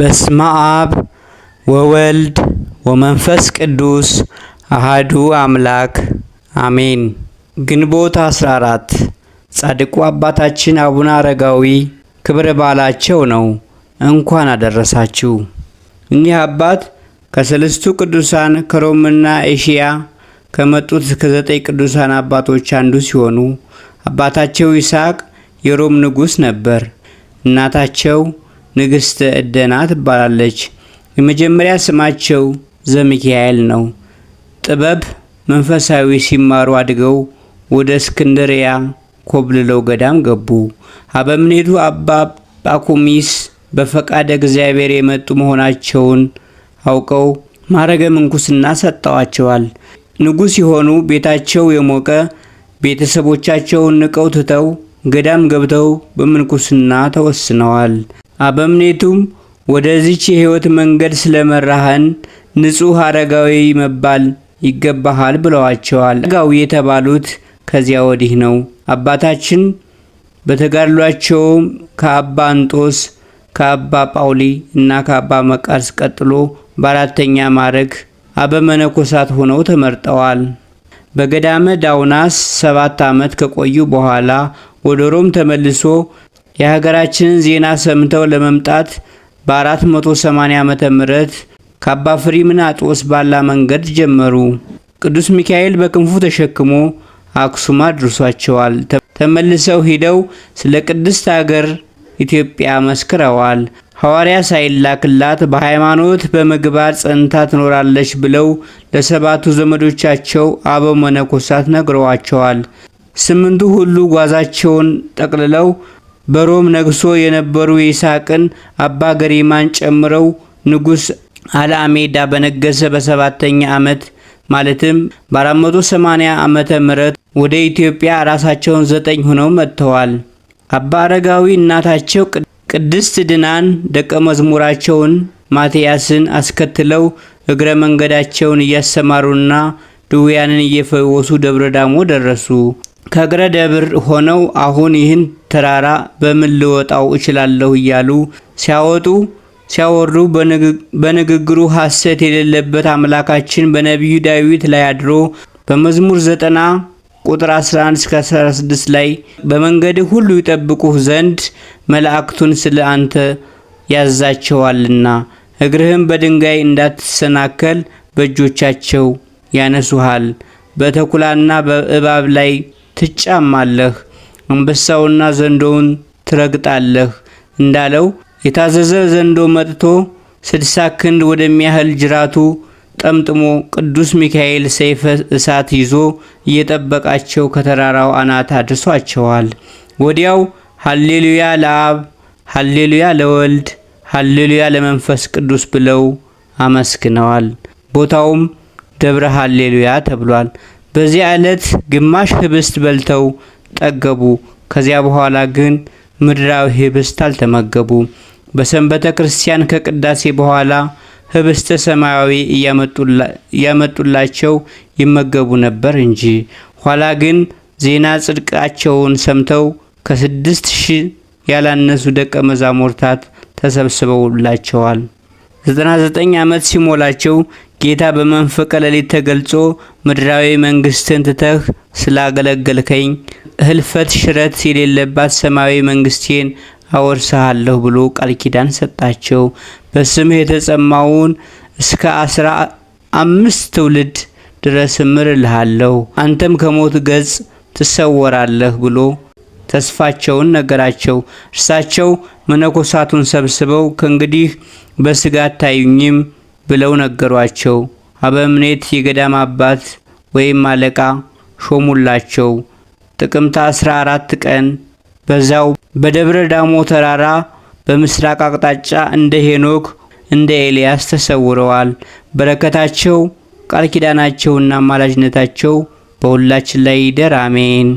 በስመ አብ ወወልድ ወመንፈስ ቅዱስ አህዱ አምላክ አሜን። ግንቦት 14 ጻድቁ አባታችን አቡነ አረጋዊ ክብረ በዓላቸው ነው። እንኳን አደረሳችሁ። እኒህ አባት ከሰለስቱ ቅዱሳን ከሮምና ኤሽያ ከመጡት ከዘጠኝ ቅዱሳን አባቶች አንዱ ሲሆኑ አባታቸው ይስሐቅ የሮም ንጉሥ ነበር። እናታቸው ንግሥተ እደና ትባላለች። የመጀመሪያ ስማቸው ዘሚካኤል ነው። ጥበብ መንፈሳዊ ሲማሩ አድገው ወደ እስክንድሪያ ኮብልለው ገዳም ገቡ። አበምኔቱ አባ ጳኩሚስ በፈቃደ እግዚአብሔር የመጡ መሆናቸውን አውቀው ማረገ ምንኩስና ሰጠዋቸዋል። ንጉሥ የሆኑ ቤታቸው የሞቀ ቤተሰቦቻቸውን ንቀው ትተው ገዳም ገብተው በምንኩስና ተወስነዋል። አበምኔቱም ወደዚች የሕይወት መንገድ ስለመራህን ንጹሕ አረጋዊ መባል ይገባሃል ብለዋቸዋል። አረጋዊ የተባሉት ከዚያ ወዲህ ነው። አባታችን በተጋድሏቸውም ከአባ አንጦስ፣ ከአባ ጳውሊ እና ከአባ መቃርስ ቀጥሎ በአራተኛ ማዕረግ አበመነኮሳት ሆነው ተመርጠዋል። በገዳመ ዳውናስ ሰባት ዓመት ከቆዩ በኋላ ወደ ሮም ተመልሶ የሀገራችንን ዜና ሰምተው ለመምጣት በ480 ዓመተ ምህረት ከአባ ምናጦስ ባላ መንገድ ጀመሩ። ቅዱስ ሚካኤል በክንፉ ተሸክሞ አክሱም አድርሷቸዋል። ተመልሰው ሂደው ስለ ቅድስት አገር ኢትዮጵያ መስክረዋል። ሐዋርያ ሳይላክላት በሃይማኖት በምግባር ጸንታ ትኖራለች ብለው ለሰባቱ ዘመዶቻቸው አበው መነኮሳት ነግረዋቸዋል። ስምንቱ ሁሉ ጓዛቸውን ጠቅልለው በሮም ነግሶ የነበሩ ይስሐቅን አባ ገሪማን ጨምረው ንጉሥ አልአሜዳ በነገሰ በሰባተኛ ዓመት ማለትም በ480 ዓመተ ምህረት ወደ ኢትዮጵያ ራሳቸውን ዘጠኝ ሆነው መጥተዋል። አባ አረጋዊ እናታቸው ቅድስት ድናን ደቀ መዝሙራቸውን ማትያስን አስከትለው እግረ መንገዳቸውን እያሰማሩና ድውያንን እየፈወሱ ደብረ ዳሞ ደረሱ። ከእግረ ደብር ሆነው አሁን ይህን ተራራ በምን ልወጣው እችላለሁ እያሉ ሲያወጡ ሲያወሩ በንግግሩ ሐሰት የሌለበት አምላካችን በነቢዩ ዳዊት ላይ አድሮ በመዝሙር ዘጠና ቁጥር 11 እስከ 16 ላይ በመንገድህ ሁሉ ይጠብቁህ ዘንድ መላእክቱን ስለ አንተ ያዛቸዋልና እግርህም በድንጋይ እንዳትሰናከል በእጆቻቸው ያነሱሃል። በተኩላና በእባብ ላይ ትጫማለህ። አንበሳውና ዘንዶውን ትረግጣለህ እንዳለው የታዘዘ ዘንዶ መጥቶ ስድሳ ክንድ ወደሚያህል ጅራቱ ጠምጥሞ ቅዱስ ሚካኤል ሰይፈ እሳት ይዞ እየጠበቃቸው ከተራራው አናት አድርሷቸዋል። ወዲያው ሀሌሉያ ለአብ፣ ሀሌሉያ ለወልድ፣ ሀሌሉያ ለመንፈስ ቅዱስ ብለው አመስግነዋል። ቦታውም ደብረ ሀሌሉያ ተብሏል። በዚያ ዕለት ግማሽ ህብስት በልተው ጠገቡ። ከዚያ በኋላ ግን ምድራዊ ህብስት አልተመገቡ። በሰንበተ ክርስቲያን ከቅዳሴ በኋላ ህብስተ ሰማያዊ እያመጡላቸው ይመገቡ ነበር እንጂ። ኋላ ግን ዜና ጽድቃቸውን ሰምተው ከስድስት ሺህ ያላነሱ ደቀ መዛሙርታት ተሰብስበውላቸዋል። ዘጠና ዘጠኝ ዓመት ሲሞላቸው ጌታ በመንፈቀ ሌሊት ተገልጾ ምድራዊ መንግስትን ትተህ ስላገለገልከኝ ህልፈት ሽረት የሌለባት ሰማያዊ መንግስቴን አወርስሃለሁ ብሎ ቃል ኪዳን ሰጣቸው። በስምህ የተጸማውን እስከ አስራ አምስት ትውልድ ድረስ እምርልሃለሁ አንተም ከሞት ገጽ ትሰወራለህ ብሎ ተስፋቸውን ነገራቸው። እርሳቸው መነኮሳቱን ሰብስበው ከእንግዲህ በስጋ አታዩኝም ብለው ነገሯቸው። አበምኔት የገዳም አባት ወይም አለቃ ሾሙላቸው። ጥቅምት 14 ቀን በዛው በደብረ ዳሞ ተራራ በምስራቅ አቅጣጫ እንደ ሄኖክ እንደ ኤልያስ ተሰውረዋል። በረከታቸው ቃል ኪዳናቸውና ማላጅነታቸው በሁላችን ላይ ይደር፣ አሜን።